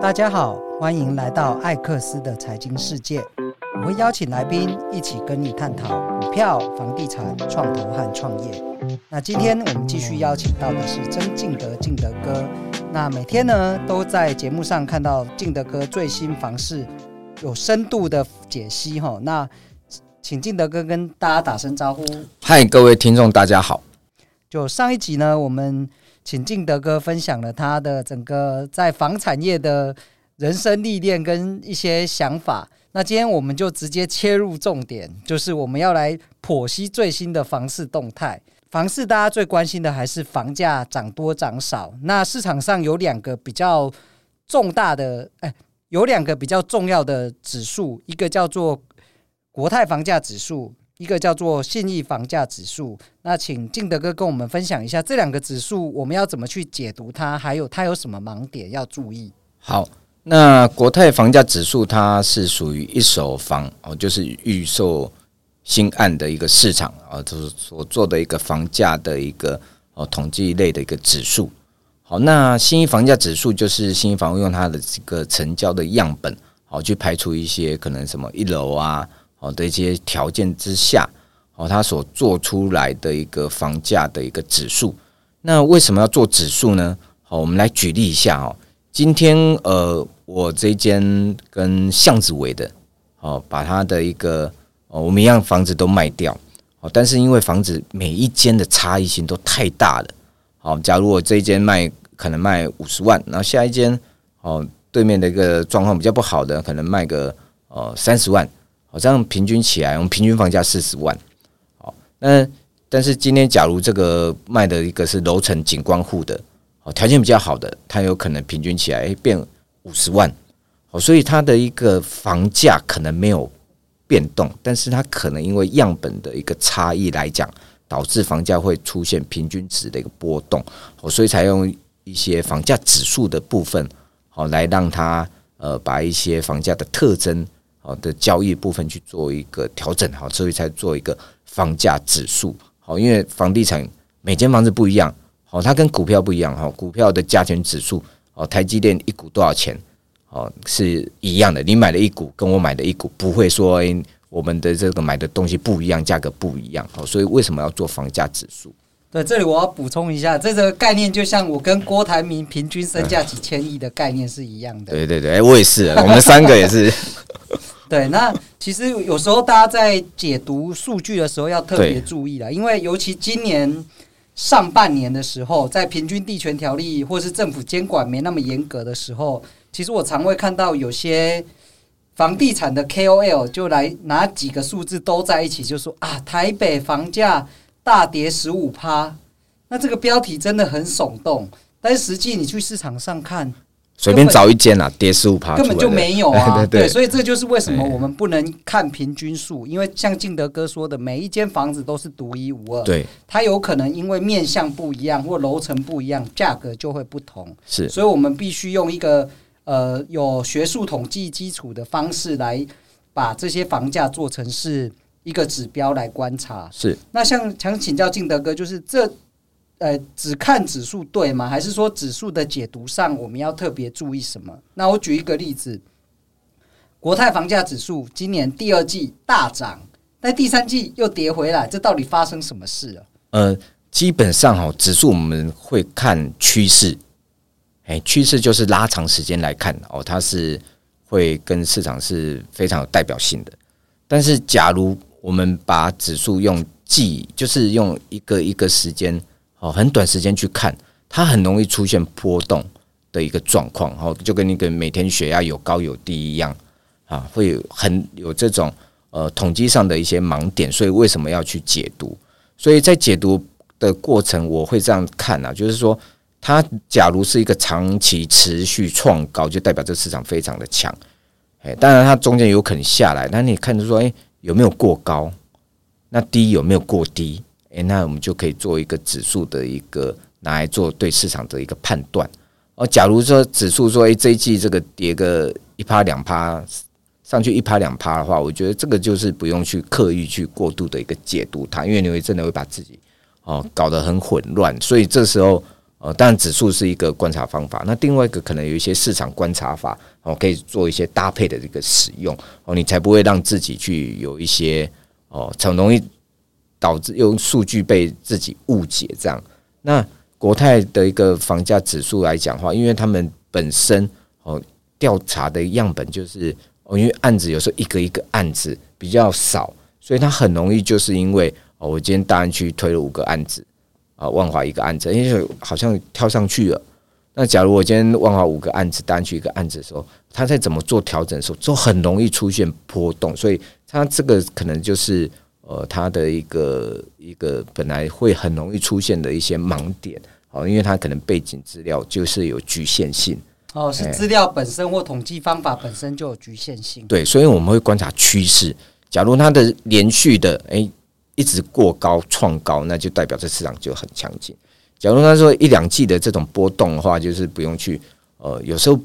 大家好，歡迎來到艾克斯的財經世界。我會邀請來賓一起跟你探討股票、房地產、創投和創業。那今天我們繼續邀請到的是曾敬德，敬德哥。那每天呢都在節目上看到敬德哥最新房市有深度的解析吼。那請敬德哥跟大家打聲招呼。嗨，各位聽眾，大家好。就上一集呢，我們。請敬德哥分享了他的整個在房產業的人生歷練跟一些想法。那今天我們就直接切入重點，就是我們要來剖析最新的房市動態。房市大家最關心的還是房價漲多漲少。那市場上有兩個比較重大的，哎，有兩個比較重要的指數，一個叫做國泰房價指數。一個叫做信義房價指數，那請敬德哥跟我們分享一下這兩個指數，我們要怎麼去解讀它，還有它有什麼盲點要注意？好，那國泰房價指數它是屬於一手房哦，就是預售新案的一個市場啊，就是所做的一個房價的一個哦統計類的一個指數。好，那信義房價指數就是信義房屋用它的這個成交的樣本，好去排除一些可能什麼一樓啊。哦，的一些條件之下，哦，它所做出來的一個房價的一個指數，那為什麼要做指數呢？哦，我們來舉例一下哦。今天呃，我這一間跟巷子尾的，哦，把它的一個哦，我們一樣房子都賣掉，哦，但是因為房子每一間的差異性都太大了，哦，假如我這一間賣可能賣五十萬，然後下一間哦，對面的一個狀況比較不好的，可能賣個呃三十萬。好像平均起來，我們平均房價四十萬，哦，那但是今天假如這個賣的一個是樓層景觀戶的，條件比較好的，它有可能平均起來誒，變五十萬，所以它的一個房價可能沒有變動，但是它可能因為樣本的一個差異來講，導致房價會出現平均值的一個波動，哦，所以採用一些房價指數的部分，好，來讓它呃把一些房價的特徵。好的交易部分去做一個調整，好，所以才做一個房價指數，好，因為房地產每間房子不一樣，好，它跟股票不一樣，哈，股票的價錢指數，哦，台積電一股多少錢，哦，是一樣的，你買了一股跟我買的一股不會說，哎，我們的這個買的東西不一樣，價格不一樣，好，所以為什麼要做房價指數？對，這裡我要補充一下，這個概念就像我跟郭台銘平均身價幾千億的概念是一樣的。對對對，我也是，我們三個也是。 對，那其實有時候大家在解讀數據的時候要特別注意了，對因為尤其今年上半年的時候，在平均地權條例或是政府監管沒那麼嚴格的時候，其實我常會看到有些房地產的 KOL 就來拿幾個數字兜在一起就，就說啊，台北房價大跌十五趴，那這個標題真的很聳動，但是實際你去市場上看。隨便找一間啊，跌，跌十五趴，根本就沒有啊。 對對，對，所以這就是為什麼我們不能看平均數，因為像敬德哥說的，每一間房子都是獨一無二。對，它有可能因為面向不一樣或樓層不一樣，價格就會不同。是，所以我們必須用一個呃有學術統計基礎的方式來把這些房價做成是一個指標來觀察。是，那像想請教敬德哥，就是這。呃，只看指數對嗎？還是說指數的解讀上，我們要特別注意什麼？那我舉一個例子，國泰房價指數今年第二季大漲，但第三季又跌回來，這到底發生什麼事了啊？呃，基本上哈，哦，指數我們會看趨勢，誒、欸，趨勢就是拉長時間來看哦，它是會跟市場是非常有代表性的。但是，假如我們把指數用季，就是用一個一個時間。哦，很短時間去看，它很容易出現波動的一個狀況。哦，就跟你每天血壓有高有低一樣啊，會有很有這種呃統計上的一些盲點。所以為什麼要去解讀？所以在解讀的過程，我會這樣看啊，就是說，它假如是一個長期持續創高，就代表這市場非常的強。嘿，當然它中間有可能下來，那你看就說，哎，欸，有沒有過高？那低有沒有過低？誒、欸，那我們就可以做一個指數的一個拿來做對市場的一個判斷。哦，假如說指數說哎、欸，這一季這個跌個一趴兩趴上去一趴兩趴的話，我覺得這個就是不用去刻意去過度的一個解讀它，因為你會真的會把自己哦搞得很混亂。所以這時候，呃、哦，當然指數是一個觀察方法。那另外一個可能有一些市場觀察法哦，可以做一些搭配的一個使用哦，你才不會讓自己去有一些哦，很容易。導致用數據被自己誤解，這樣。那國泰的一個房價指數來講的話，因為他們本身哦調查的樣本就是，因為案子有時候一個一個案子比較少，所以它很容易就是因為哦，我今天大安區去推了五個案子啊，萬華一個案子，因為好像跳上去了。那假如我今天萬華五個案子大安區一個案子的時候，它在怎麼做調整的時候，就很容易出現波動，所以它這個可能就是。呃，它的一個一個本來會很容易出現的一些盲點好、哦、因為它可能背景資料就是有局限性哦，是資料本身或統計方法本身就有局限性。欸、對，所以我們會觀察趨勢。假如它的連續的哎、欸、一直過高創高，那就代表這市場就很強勁。假如它說一兩季的這種波動的話，就是不用去呃，有時候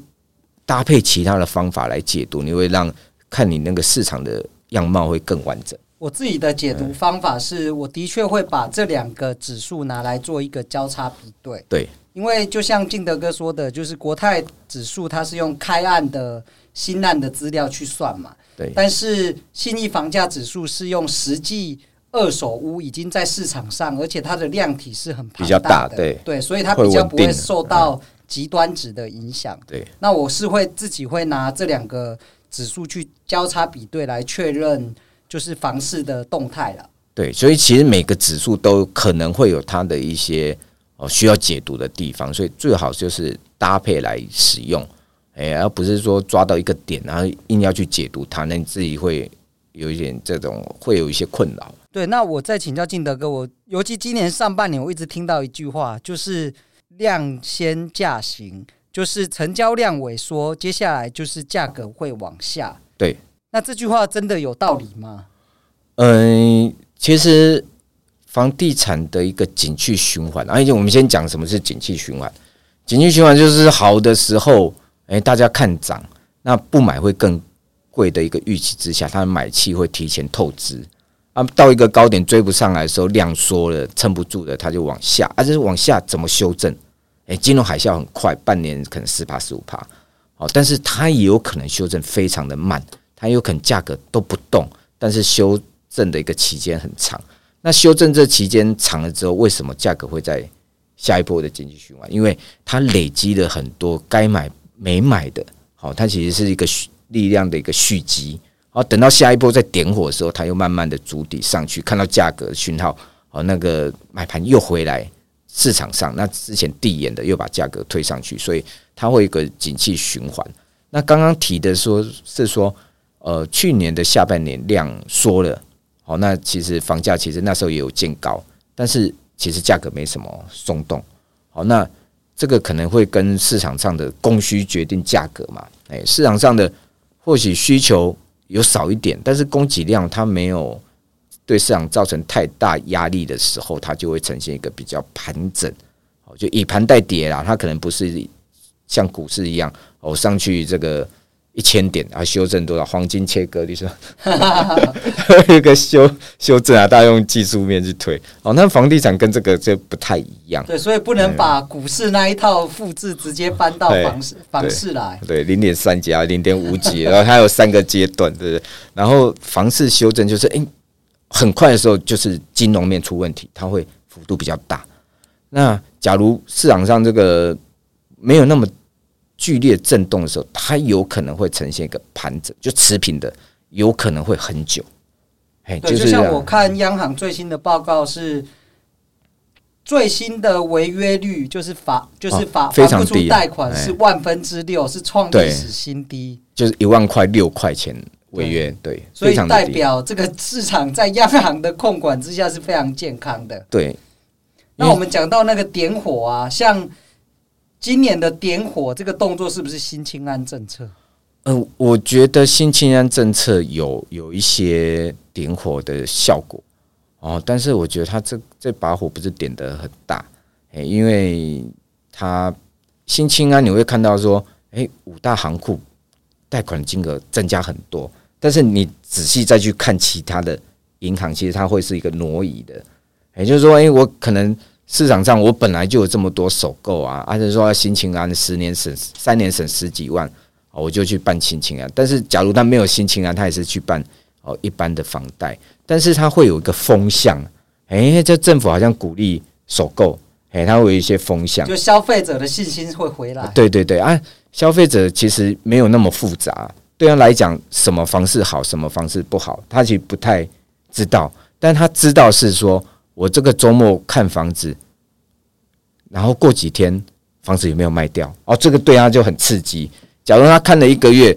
搭配其他的方法來解讀，你會讓看你那個市場的樣貌會更完整。我自己的解讀方法是，我的確會把這兩個指數拿來做一個交叉比對。對，因為就像敬德哥說的，就是國泰指數它是用開案的新案的資料去算嘛。對。但是信義房價指數是用實際二手屋已經在市場上，而且它的量體是很龐大的。對，所以它比較不會受到極端值的影響。對。那我是會自己會拿這兩個指數去交叉比對來確認，就是房市的動態了，對，所以其實每個指數都可能會有它的一些哦需要解讀的地方，所以最好就是搭配來使用，哎，而不是說抓到一個點，然後硬要去解讀它，那你自己會有一點這種會有一些困擾。對，那我再請教敬德哥，我尤其今年上半年，我一直聽到一句話，就是量先價行，就是成交量萎縮，接下來就是價格會往下。對。那這句話真的有道理嗎？嗯，其實房地產的一個景氣循環，而、啊、且我們先講什麼是景氣循環。景氣循環就是好的時候，欸、大家看漲，那不買會更貴的一個預期之下，他的買氣會提前透支。啊，到一個高點追不上來的時候，量縮了，撐不住了，他就往下。而、啊、是往下怎麼修正？欸、金融海嘯很快，半年可能十趴、十五趴，哦，但是它也有可能修正非常的慢。它有可能價格都不動，但是修正的一個期間很長。那修正這期間長了之後，為什麼價格會在下一波的經濟循環？因為它累積了很多該買沒買的好，它其實是一個力量的一個蓄積。好，等到下一波再點火的時候，它又慢慢的築底上去，看到價格訊號好，那個買盤又回來市場上，那之前遞延的又把價格推上去，所以它會一個景氣循環。那剛剛提的說是說。是說呃，去年的下半年量縮了，好，那其實房價其實那時候也有見高，但是其實價格沒什麼鬆動，好，那這個可能會跟市場上的供需決定價格嘛，誒、欸，市場上的或許需求有少一點，但是供給量它沒有對市場造成太大壓力的時候，它就會呈現一個比較盤整，好，就以盤代跌啦，它可能不是像股市一樣，哦，上去這個。一千點啊，修正多少？黃金切割你說， 有一個修修正啊，大家用技術面去推。哦，那房地產跟這個這不太一樣。對，所以不能把股市那一套複製，直接搬到房，嘛房市房市來。對，零點三幾啊，零點五幾，然後它有三個階段，對不對？然後房市修正就是，誒、欸，很快的時候就是金融面出問題，它會幅度比較大。那假如市場上這個沒有那麼。劇烈震動的時候，它有可能會呈現一個盤整，就持平的，有可能會很久。哎，對，就，就像我看央行最新的報告是，最新的違約率就是法就是法還不、哦啊、出貸款是萬分之六，是創歷史新低，就是一萬塊六塊錢違約，對，對所以代表這個市場在央行的控管之下是非常健康的。對，那我們講到那個點火啊，像。今年的點火這個動作是不是新青安政策？嗯、呃，我覺得新青安政策有有一些點火的效果哦，但是我覺得他這這把火不是點得很大，誒、欸，因為他新青安你會看到說，哎、欸，五大行庫貸款金額增加很多，但是你仔細再去看其他的銀行，其實它會是一個挪移的，也、欸、就是說，哎、欸，我可能。市場上我本來就有這麼多首購啊，啊，還是說新青安十年省三年省十幾萬，我就去辦新青安。但是假如他沒有新青安，他也是去辦哦一般的房貸。但是他會有一個風向，哎，這政府好像鼓勵首購，哎，他會有一些風向，就消費者的信心會回來。對對對啊，消費者其實沒有那麼複雜，對他、啊、來講，什麼方式好，什麼方式不好，他其實不太知道，但他知道是說。我這個周末看房子，然後過幾天房子有沒有賣掉？哦，這個對他就很刺激。假如他看了一個月，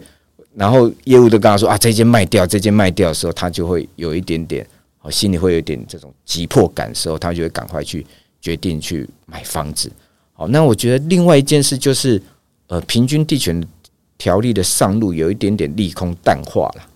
然後業務都跟他說，啊，這間賣掉，這間賣掉的時候，他就會有一點點，哦，心裡會有一點這種急迫感的時候，他就會趕快去決定去買房子。好，那我覺得另外一件事就是，呃，平均地權條例的上路有一點點利空淡化了，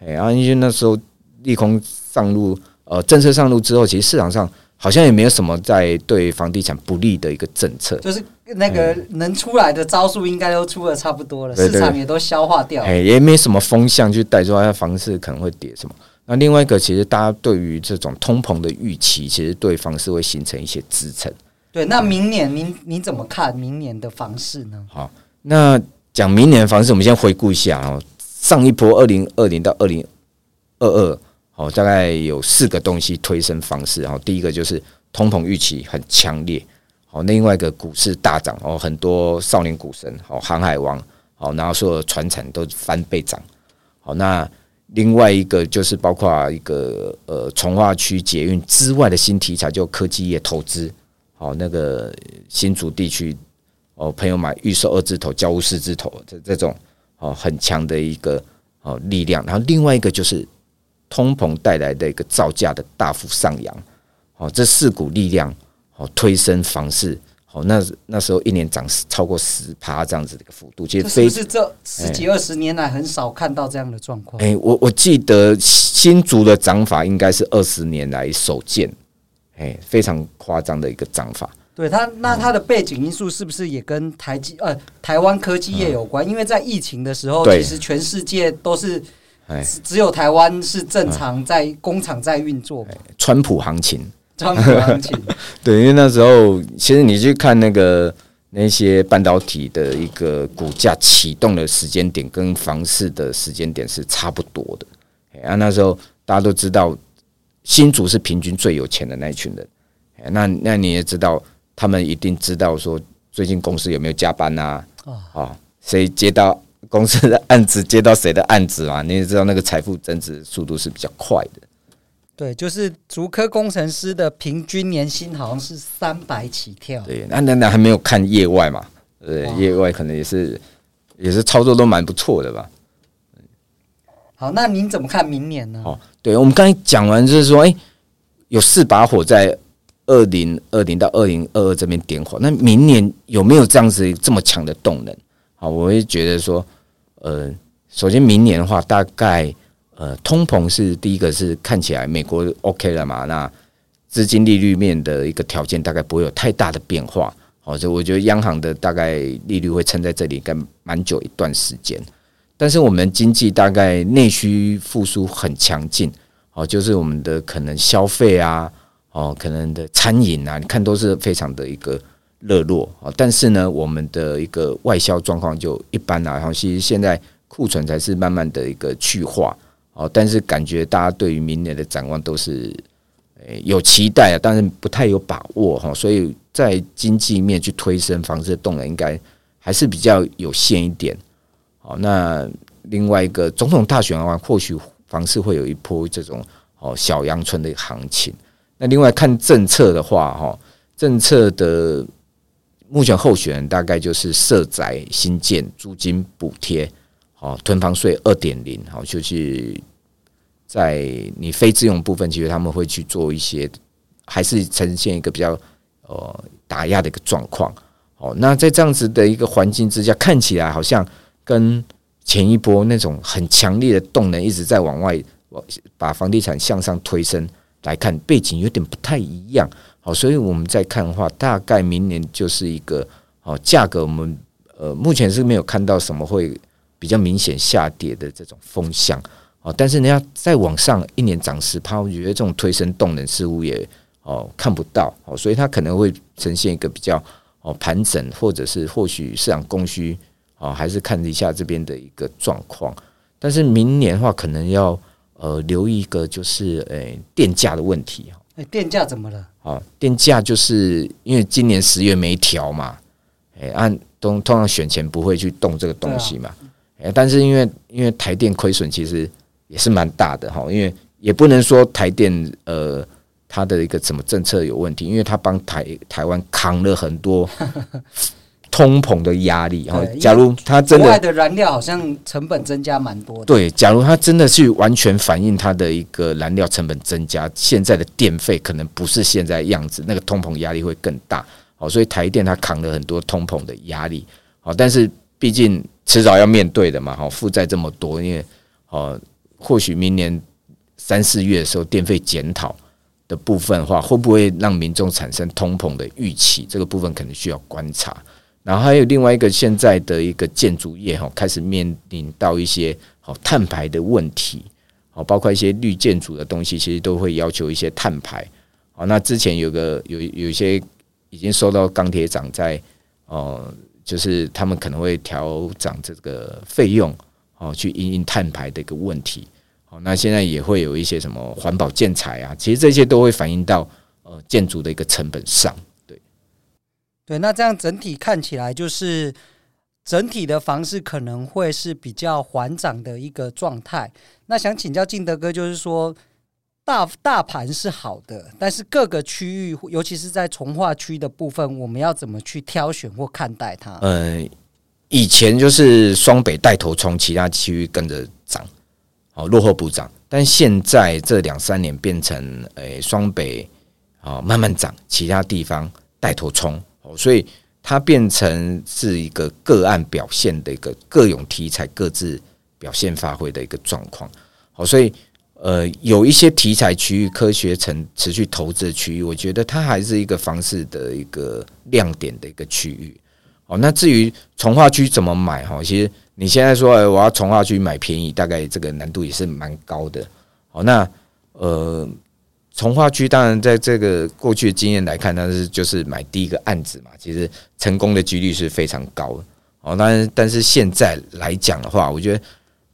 哎，然後因為那時候利空上路。呃，政策上路之後，其實市場上好像也沒有什麼在對房地產不利的一個政策，就是那個能出來的招數應該都出的差不多了，嗯、對對對，市場也都消化掉了，欸，也沒什麼風向去帶出來的房市可能會跌什麼。那另外一個，其實大家對於這種通膨的預期，其實對房市會形成一些支撐。對，那明年您你，、嗯、你怎麼看明年的房市呢？好，那講明年的房市，我們先回顧一下哦，上一波二零二零到二零二二。哦，大概有四個東西推升房市哦，第一個就是通膨預期很強烈。哦，另外一個股市大漲。哦，很多少年股神，哦，航海王，哦，然後所有的船產都翻倍漲。好，那另外一個就是包括一個呃，重劃區、捷運之外的新題材，就科技業投資。好，那個新竹地區，哦，朋友買預售二字頭、交屋四字頭這這種，哦，很強的一個哦力量。然後另外一個就是。通膨帶來的一個造價的大幅上揚，好，這四股力量好推升房市，好，那那時候一年漲超過十趴這樣子的一個幅度，其實非，這是不是這十幾二十年來很少看到這樣的狀況。誒、欸，我我記得新竹的漲法應該是二十年來首見，誒、欸，非常誇張的一個漲法。對它，那它的背景因素是不是也跟台積呃台灣科技業有關？因為在疫情的時候，嗯、其實全世界都是。哎，只有台灣是正常在工廠在運作、哎。川普行情，川普行情。 對，因為那時候其實你去看那個那些半導體的一個股價啟動的時間點，跟房市的時間點是差不多的。哎、啊，那時候大家都知道，新竹是平均最有錢的那一群人。哎，那那你也知道，他們一定知道說最近公司有沒有加班吶、啊哦哦？所以接到？公司的案子接到誰的案子嘛，你也知道那個財富增值速度是比較快的。對，就是竹科工程師的平均年薪好像是三百起跳。對，那那那還沒有看業外嘛？對，哇 業外可能也是也是操作都蠻不錯的吧。好，那您怎麼看明年呢？哦，對，我們剛才講完就是說，誒、欸，有四把火在二零二零到二零二二這邊點火，那明年有沒有這樣子這麼強的動能？好，我會覺得說。呃，首先，明年的話，大概呃，通膨是第一個是看起來美國 OK 了嘛，那資金利率面的一個條件大概不會有太大的變化。好，所以我覺得央行的大概利率會撐在這裡，干蠻久一段時間。但是我們經濟大概內需復蘇很強勁，哦，就是我們的可能消費啊，哦，可能的餐飲啊，你看都是非常的一個。熱絡啊，但是呢，我們的一個外銷狀況就一般啦，啊。然後其實現在庫存才是慢慢的一個去化啊。但是感覺大家對於明年的展望都是誒、欸、有期待啊，但是不太有把握哈、哦。所以在經濟面去推升房市動能，應該還是比較有限一點。好，哦，那另外一個總統大選的話，或許房市會有一波這種哦小陽春的行情。那另外看政策的話，哈、哦，政策的。目前候選人大概就是社宅新建、租金補貼、哦囤房稅二點零，好，就是在你非自用部分，其實他們會去做一些，還是呈現一個比較呃打壓的一個狀況。哦，那在這樣子的一個環境之下，看起來好像跟前一波那種很強烈的動能一直在往外往把房地產向上推升來看，背景有點不太一樣。哦，所以我們在看的話，大概明年就是一個哦，價格我們呃目前是沒有看到什麼會比較明顯下跌的這種風向哦，但是人家再往上一年漲十趴，我覺得這種推升動能似乎也哦看不到哦，所以它可能會呈現一個比較哦盤整，或者是或許市場供需哦還是看一下這邊的一個狀況，但是明年的話可能要呃留意一個就是誒電價的問題。哎，電價怎麼了？哦，電價就是因為今年十月沒調嘛，哎，按、啊、通通常選前不會去動這個東西嘛，啊、哎，但是因為因為台電虧損其實也是蠻大的哈，因為也不能說台電呃它的一個什麼政策有問題，因為它幫台台灣扛了很多。 通膨的壓力，假如它真的的燃料好像成本增加蠻多的，對，假如它真的是完全反映它的一個燃料成本增加，現在的電費可能不是現在樣子，那個通膨壓力會更大，好，所以台電它扛了很多通膨的壓力，好，但是畢竟遲早要面對的嘛，好，負債這麼多，因為呃，或許明年三四月的時候電費檢討的部分的話，會不會讓民眾產生通膨的預期？這個部分可能需要觀察。然後還有另外一個現在的一個建築業哈，開始面臨到一些好碳排的問題，好，包括一些綠建築的東西，其實都會要求一些碳排。好，那之前有個有有一些已經收到鋼鐵廠在哦，就是他們可能會調漲這個費用哦，去因應碳排的一個問題。好，那現在也會有一些什麼環保建材啊，其實這些都會反映到呃建築的一個成本上。對，那這樣整體看起來就是整體的房市可能會是比較緩漲的一個狀態。那想請教敬德哥，就是說大大盤是好的，但是各個區域，尤其是在重劃區的部分，我們要怎麼去挑選或看待它？呃，以前就是雙北帶頭衝，其他區域跟着漲，哦，落後不漲。但現在這兩三年變成，誒、呃，雙北哦慢慢漲，其他地方帶頭衝。所以它變成是一個個案表現的一個各種題材各自表現發揮的一個狀況。好，所以呃，有一些題材區域、科學城持續投資的區域，我覺得它還是一個方式的一個亮點的一個區域。好，那至於重劃區怎麼買？好，其實你現在說我要重劃區買便宜，大概這個難度也是蠻高的。好，那呃。重劃區當然，在這個過去的經驗來看，它是就是買第一個案子嘛，其實成功的幾率是非常高的哦。但但是現在來講的話，我覺得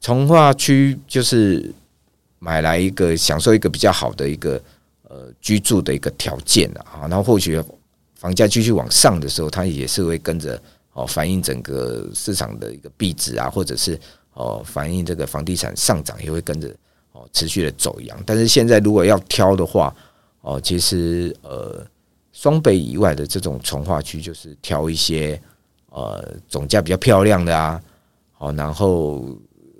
重劃區就是買來一個享受一個比較好的一個呃居住的一個條件啊。那或許房價繼續往上的時候，它也是會跟着哦反映整個市場的一個幣值啊，或者是哦反映這個房地產上漲也會跟着。持續的走一樣，但是現在如果要挑的話，哦，其實呃，雙北以外的這種重劃區，就是挑一些呃總價比較漂亮的啊，好，然後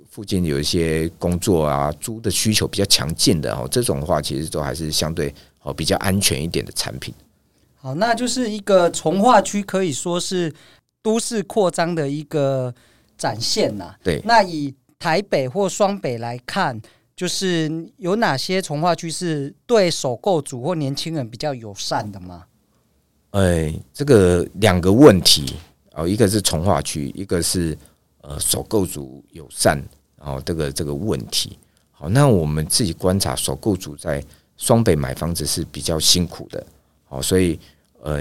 附近有一些工作啊，租的需求比較強勁的哦，這種的話，其實都還是相對哦比較安全一點的產品。好，那就是一個重劃區可以說是都市擴張的一個展現吶、啊。對，那以台北或雙北來看。就是有哪些重劃區是對首購族或年輕人比較友善的嗎？哎、呃，這個兩個問題哦、呃，一個是重劃區，一個是呃首購族友善，哦。這個這個問題，好、哦，那我們自己觀察首購族在雙北買房子是比較辛苦的，好、哦，所以呃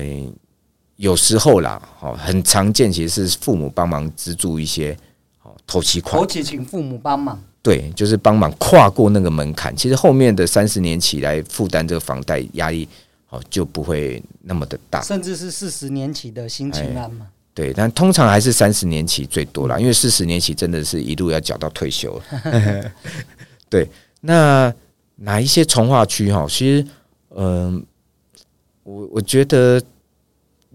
有時候啦，哦很常見，其實是父母幫忙資助一些哦頭期款，頭期請父母幫忙。對，就是幫忙跨過那個門檻。其實後面的三十年期來負擔這個房貸壓力，好，就不會那麼的大，甚至是四十年期的新青安。嘛對，但通常還是三十年期最多了，因為四十年期真的是一路要繳到退休了。對，那哪一些重劃區哈？其實，嗯、呃，我我覺得，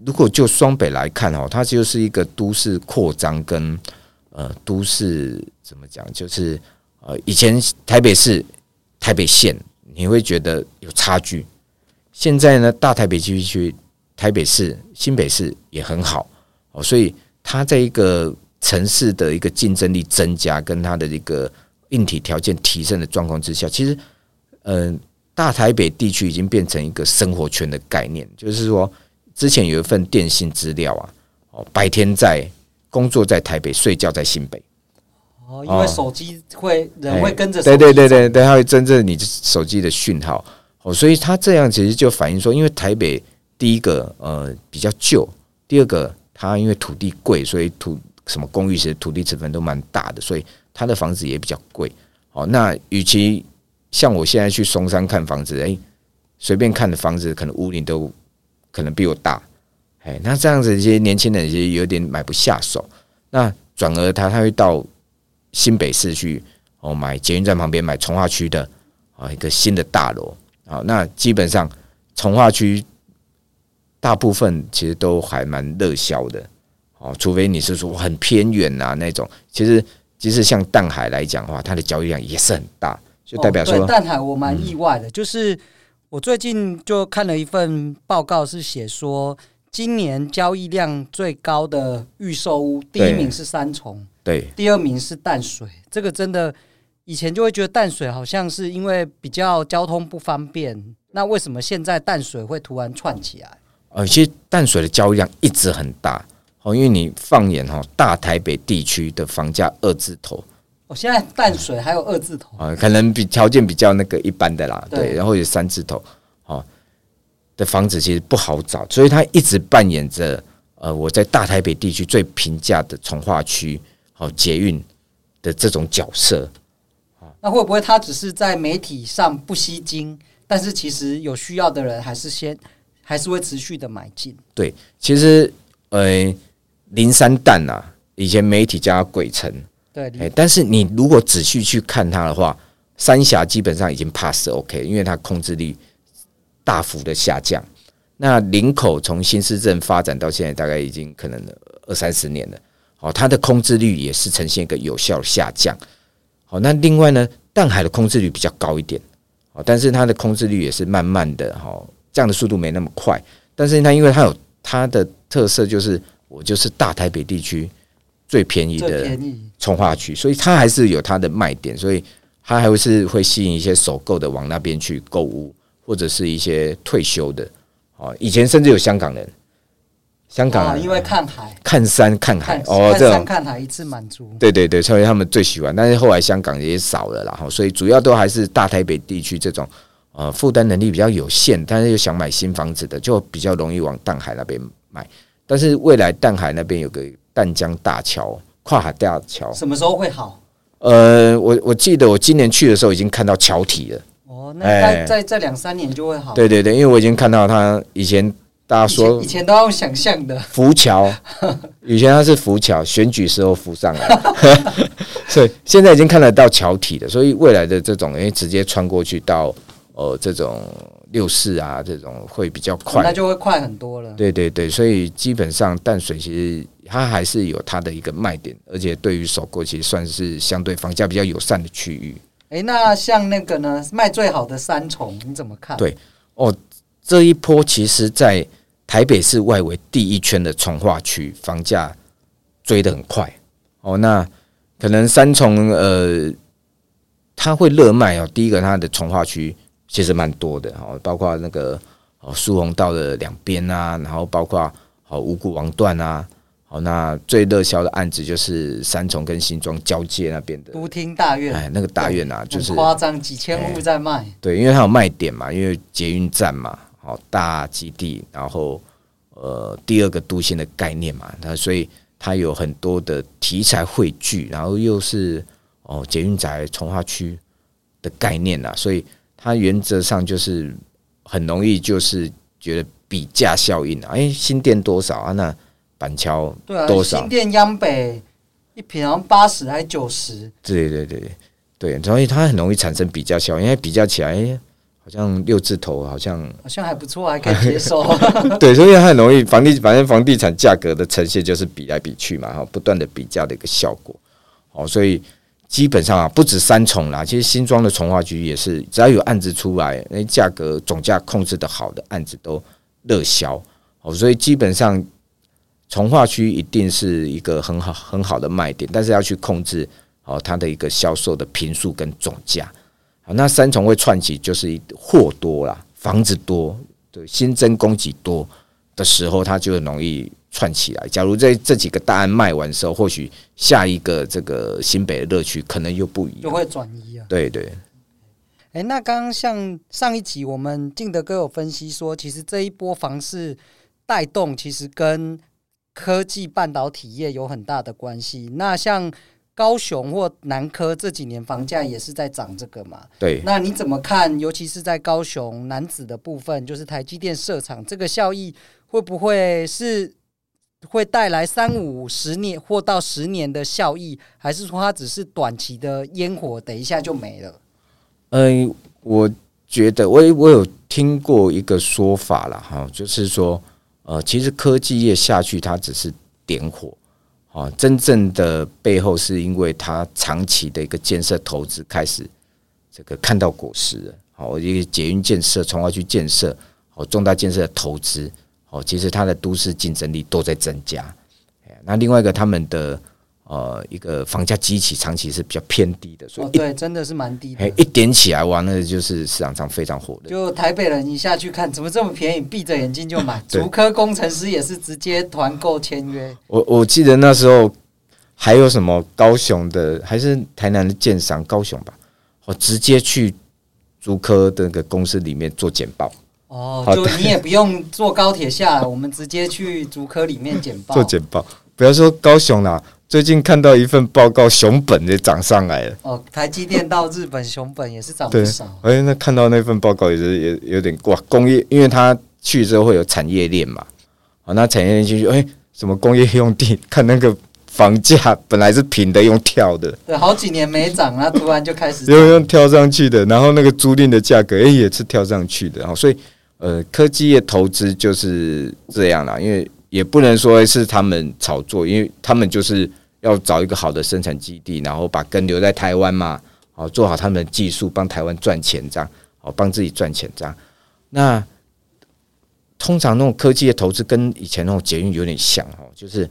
如果就雙北來看哈，它就是一個都市擴張跟呃，都市怎麼講，就是。呃，以前台北市、台北縣，你會覺得有差距。現在呢，大台北地區、台北市、新北市也很好哦，所以它在一個城市的一個競爭力增加跟它的一個硬體條件提升的狀況之下，其實，嗯，大台北地區已經變成一個生活圈的概念，就是說，之前有一份電信資料啊，哦，白天在工作在台北，睡覺在新北。哦，因為手機會人會跟着、哦欸，對對對對，他會真正你手機的訊號哦，所以他這樣其實就反映說，因為台北第一個呃比較舊，第二個他因為土地貴，所以土什麼公寓其實土地成分都蠻大的，所以他的房子也比較貴。哦，那與其像我現在去松山看房子，哎，隨便看的房子可能屋齡都可能比我大，那這樣子一些年輕人其實有點買不下手，那轉而他他會到。新北市區，哦，買捷運站旁邊買重劃區的啊，一個新的大樓啊，那基本上重劃區大部分其實都還蠻熱銷的哦，除非你是說很偏遠啊那種，其實其實像淡海來講的話，它的交易量也是很大，就代表說，嗯哦、淡海我蠻意外的，就是我最近就看了一份報告是寫說。今年交易量最高的預售屋，第一名是三重，對，對第二名是淡水。這個真的以前就會覺得淡水好像是因為比較交通不方便，那為什麼現在淡水會突然竄起來？而且、哦、淡水的交易量一直很大，哦，因為你放眼哈、哦、大台北地區的房價二字頭，哦，現在淡水還有二字頭啊、哦，可能比條件比較那個一般的啦，對，對，然後有三字頭，的房子其實不好找，所以他一直扮演着呃我在大台北地區最平價的重劃區好捷運的這種角色。那會不會他只是在媒體上不吸睛，但是其實有需要的人還是先還是會持續的買進？對，其實呃，林三淡啊，以前媒體叫它鬼城，對、欸，但是你如果仔細去看它的話，三峽基本上已經 pass OK，因為它控制力。大幅的下降，那林口從新市鎮發展到現在，大概已經可能二三十年了。好，它的空置率也是呈現一個有效的下降。好，那另外呢，淡海的空置率比較高一點，好，但是它的空置率也是慢慢的好，這樣的速度沒那麼快。但是它因為它有它的特色，就是我就是大台北地區最便宜的，重劃區，所以它還是有它的賣點，所以它還是會吸引一些首購的往那邊去購物。或者是一些退休的，哦，以前甚至有香港人，香港人因為看海、看山、看海，哦，這種看海一次滿足，對對對，所以他們最喜歡。但是後來香港也少了，然後所以主要都還是大台北地區這種，呃，負擔能力比較有限，但是又想買新房子的，就比較容易往淡海那邊買。但是未來淡海那邊有個淡江大橋、跨海大橋，什麼時候會好？呃，我我記得我今年去的時候已經看到橋體了。哦，那在在兩三年就會好。欸、對對對，因為我已經看到他以前大家說，以前都要想象的浮橋，以前它是浮橋，選舉時候浮上來，所以現在已經看得到橋體的。所以未來的這種，因為直接穿過去到呃這種六四啊，這種會比較快，那就會快很多了。對對對，所以基本上淡水其實它還是有它的一個賣點，而且對於首購其實算是相對房價比較友善的區域。哎、欸，那像那個呢，賣最好的三重，你怎麼看？對哦，這一波其實，在台北市外圍第一圈的重劃區房價追得很快哦。那可能三重呃，它會熱賣哦。第一個，它的重劃區其實蠻多的哦，包括那個哦，疏洪道的兩邊啊，然後包括哦，五穀王段啊。好，那最熱銷的案子就是三重跟新莊交界那邊的都廳大院，哎，那個大院啊，對就是誇張幾千戶在賣、欸，對，因為它有賣點嘛，因為捷運站嘛，好、哦、大基地，然後呃，第二個都心的概念嘛，它所以它有很多的題材匯聚，然後又是哦捷運宅重劃區的概念啊，所以它原則上就是很容易就是覺得比價效應啊，哎、欸，新店多少啊那。板橋多少？對啊，新店，央北一平好像八十還是九十？對對對對，所以它很容易產生比較效應，因為比較起來，好像六字頭，好像好像還不錯，還可以接受。 對，所以它很容易，房地反正房地產價格的呈現就是比來比去嘛，然不斷的比較的一個效果。哦，所以基本上啊，不止三重啦，其實新莊的重劃區也是，只要有案子出來，那價格總價控制的好的案子都熱銷。哦，所以基本上。重劃區一定是一個很好很好的賣點，但是要去控制好它的一個銷售的坪數跟總價，那三重會串起，就是貨多啦，房子多，對新增供給多的時候，它就很容易串起來。假如這這幾個大案賣完的時候，或許下一個這個新北的熱區可能又不一樣，又會轉移啊。對，對對。哎、欸，那剛剛像上一集我們敬德哥有分析說，其實這一波房市帶動其實跟科技半導體業有很大的關係。那像高雄或南科這幾年房價也是在漲，這個嘛。對。那你怎麼看？尤其是在高雄楠梓的部分，就是台積電設廠，這個效益會不會是會帶來三五十年或到十年的效益？還是說它只是短期的煙火，等一下就沒了？嗯、呃，我覺得我我有聽過一個說法了哈，就是說。呃，其實科技業下去，它只是點火，哦，真正的背後是因為它長期的一個建設投資開始這個看到果實了，好，這個捷運建設，從而去建設好重大建設的投資，好，其實它的都市競爭力都在增加，哎，那另外一個他們的。呃，一個房價基期，長期是比較偏低的，所以、哦、對，真的是蠻低的。一點起來完了，那個、就是市場上非常火的。就台北人，你下去看，怎麼這麼便宜？閉着眼睛就買。竹對科工程師也是直接團購簽約。我我記得那時候還有什麼高雄的，還是台南的建商高雄吧，我直接去竹科那個公司裡面做簡報。哦，就你也不用坐高鐵下來， 我們直接去竹科裡面簡報做簡報。不要說高雄了、啊。最近看到一份報告，熊本也漲上來了。哦，台積電到日本熊本也是漲不少了。哎、欸，那看到那份報告也是有有點哇，工業，因為它去之後會有產業鏈嘛。好，那產業鏈進去，哎、欸，什麼工業用地，看那個房價本來是平的，用跳的。對，好幾年沒漲了，突然就開始。用用跳上去的，然後那個租賃的價格，哎、欸，也是跳上去的。好，所以呃，科技業投資就是這樣啦，因為也不能說是他們炒作，因為他們就是。要找一個好的生產基地，然後把根留在台灣嘛，哦，做好他們的技術，幫台灣賺錢這樣，哦，幫自己賺錢這樣。那通常那種科技的投資跟以前那種捷運有點像哦，就是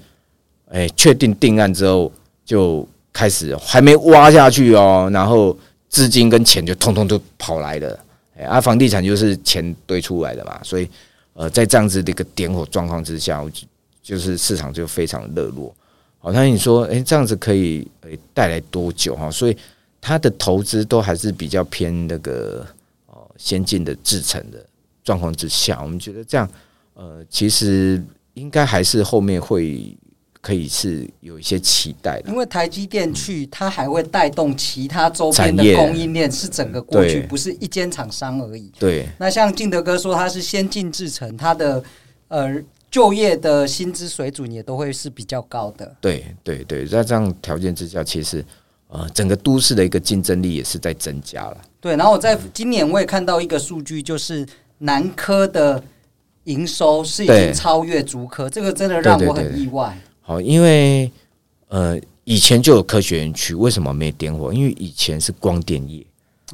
哎，確、欸、定定案之後就開始，還沒挖下去哦，然後資金跟錢就通通都跑來了，哎、欸，啊，房地產就是錢堆出來的嘛，所以呃，在這樣子的一個點火狀況之下，就就是市場就非常熱絡。哦，那你說，誒，這樣子可以，帶來多久哈？所以它的投資都還是比較偏那個，先進的製程的狀況之下，我們覺得這樣，呃，其實應該還是後面會可以是有一些期待的，嗯，因為台積電去，它還會帶動其他周邊的供應鏈，是整個過去不是一間廠商而已。對，那像敬德哥說，它是先進製程，它的呃。就業的薪資水準也都會是比較高的。對對對，在這樣條件之下，其實呃，整個都市的一個競爭力也是在增加了。對，然後我在今年我也看到一個數據，就是南科的營收是已經超越竹科，對這個真的讓我很意外。好，因為呃，以前就有科學園區，為什麼沒點火？因為以前是光電業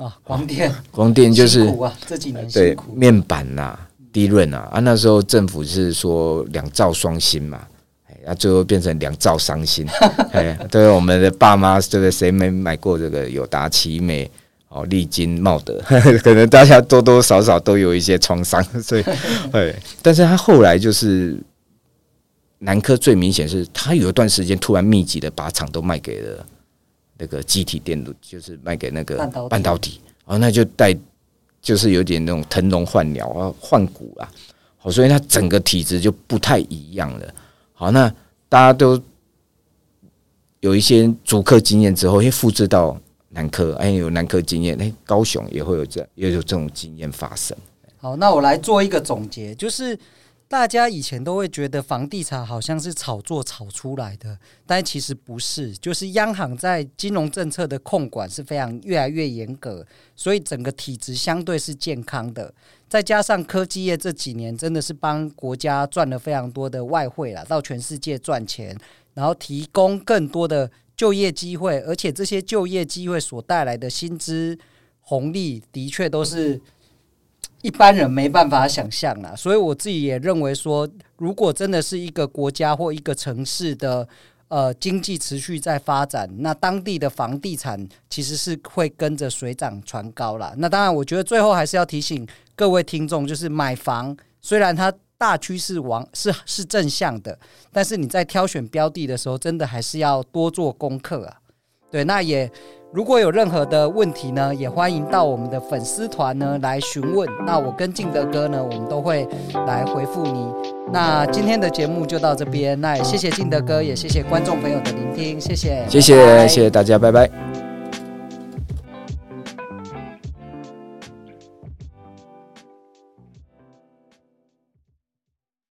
啊，光電，光電就是辛苦啊，這幾年辛苦對面板吶、啊。低潤啊啊，那時候政府是說兩兆雙星嘛，哎，那最後變成兩兆傷心。哎， 對我們的爸媽，這個誰沒買過這個友達、奇美、哦力晶、茂德？可能大家多多少少都有一些創傷，所以，哎， 但是他後來就是南科最明顯是，他有一段時間突然密集的把廠都賣給了那個積體電路，就是賣給那個半導體，導體哦，那就帶。就是有點那種騰籠換鳥啊，換骨啊，好，所以它整個體質就不太一樣了。好，那大家都有一些竹科經驗之後，會複製到南科，哎，有南科經驗，哎，高雄也會有這，也有這種經驗發生。好，那我來做一個總結，就是。大家以前都會覺得房地產好像是炒作炒出來的，但其實不是，就是央行在金融政策的控管是非常越來越嚴格，所以整個體質相對是健康的。再加上科技業這幾年真的是幫國家賺了非常多的外匯啦，到全世界賺錢，然後提供更多的就業機會，而且這些就業機會所帶來的薪資紅利，的確都是。一般人沒辦法想象啦，所以我自己也認為說，如果真的是一個國家或一個城市的呃經濟持續在發展，那當地的房地產其實是會跟着水漲船高啦。那當然，我覺得最後還是要提醒各位聽眾，就是買房，雖然它大趨勢往是是正向的，但是你在挑選標的的時候，真的還是要多做功課啊。對，那也如果有任何的問題呢，也歡迎到我們的粉絲團呢來詢問。那我跟敬德哥呢，我們都會來回覆你。那今天的節目就到這邊，那也謝謝敬德哥，也謝謝觀眾朋友的聆聽，謝謝，謝謝，拜拜謝謝大家，拜拜。